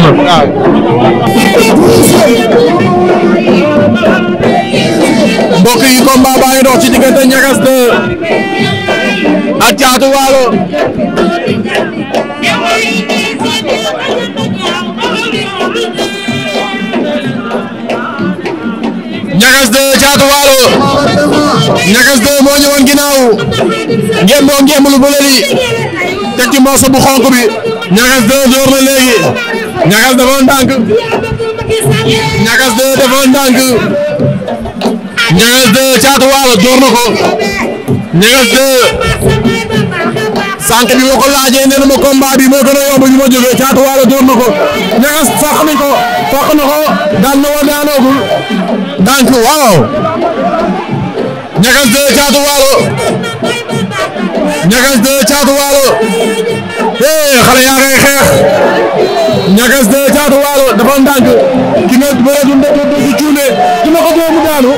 sonal mbokk yi combat baa ngi dox ci diggante Ñagas 2 ak Caatu Waalo Ñagas 2 Caatu Waalo Ñagas 2 moo ñëwoon ginnaaw ngeen moo ngeen lu bële li teg ci moosu bu xonk bi ñagas de door na léegi ñagas defoon ndànk ñagas de defoon ndànk ñagas de caatu waalo door na ko ñagas de sànq bi ma ko laajee nee na ma combat bi moo gën a yomb ñu ma jógee caatu waalo door na ko ñagas fàq nañ ko fàq na ko daan na war daanoogul ndànk waaw ñagas de caatu waalo ñagas de caatu waalo eh xale yaa xeex ñagas de caatu waalo dafa ndànk ki nga bëre du du cuune dina ko ko doomu daanu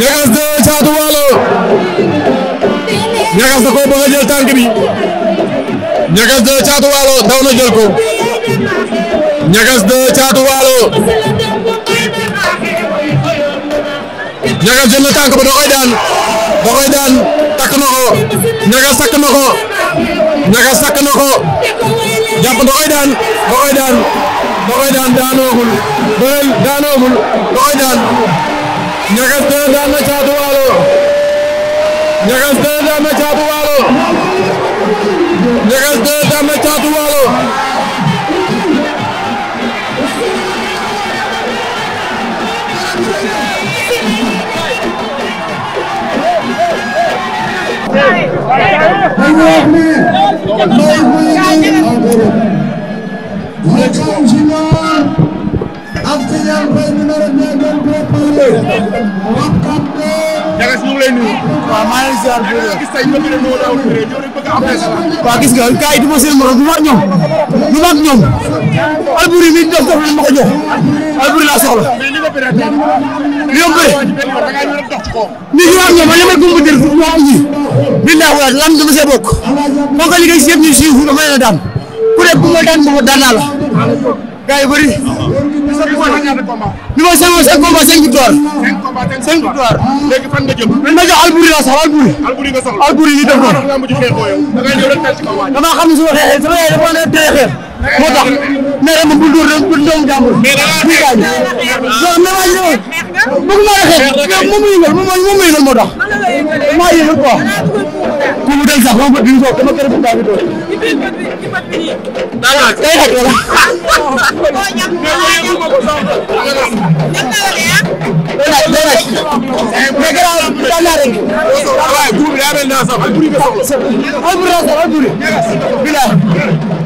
ñagas de caatu waalo ñagas da koo bëgg a jël tànk ñagas de caatu waalo daw na jël ko ñagas de caatu waalo ñagas jël na tànk ba koy daan. sakk na ko ñaga sakk na ko ñaga sakk na ko jàpp da koy daan da koy daan da koy daan daanoogul doyel daanoogul da koy daan ñagas dana daan na caatu waalo ñagas dana daan na caatu waalo ñagas dana daan na caatu waalo dañu wax ne mbay mi ngi Ouakam Junior ak Tidiane ñoom. mag ñoom Alboury mi def ko ma ko jox Alboury laa soxla yomb ni ñu wax ñoom li ma gëm dir fu wax ñi billahi wala lam dama see bokk ko liggéey si yëpp ñu siifu dama leen a daan ku ne bu ma daan boobu daan naa la gars yi bëri li ma sëñoo cinq combat cinq victoire cinq victoire léegi fan nga jëm ma jox Alboury laa soxla Alboury Alboury li def ko dama xam ne su ma xeexee sama yaay dafa ne tey xeex moo tax nee na ma bul dóor rek bul doomu jàmbur buy gaañ. waaw mais waa ji ne woon bëgg maa rafet moom la yëngal moom la yëngal moo tax maa yëngal quoi. ku mu del sax moom bët bi mu soog dama kër bu taa bi doon. daanaka day xaj wala. day xaj day xaj.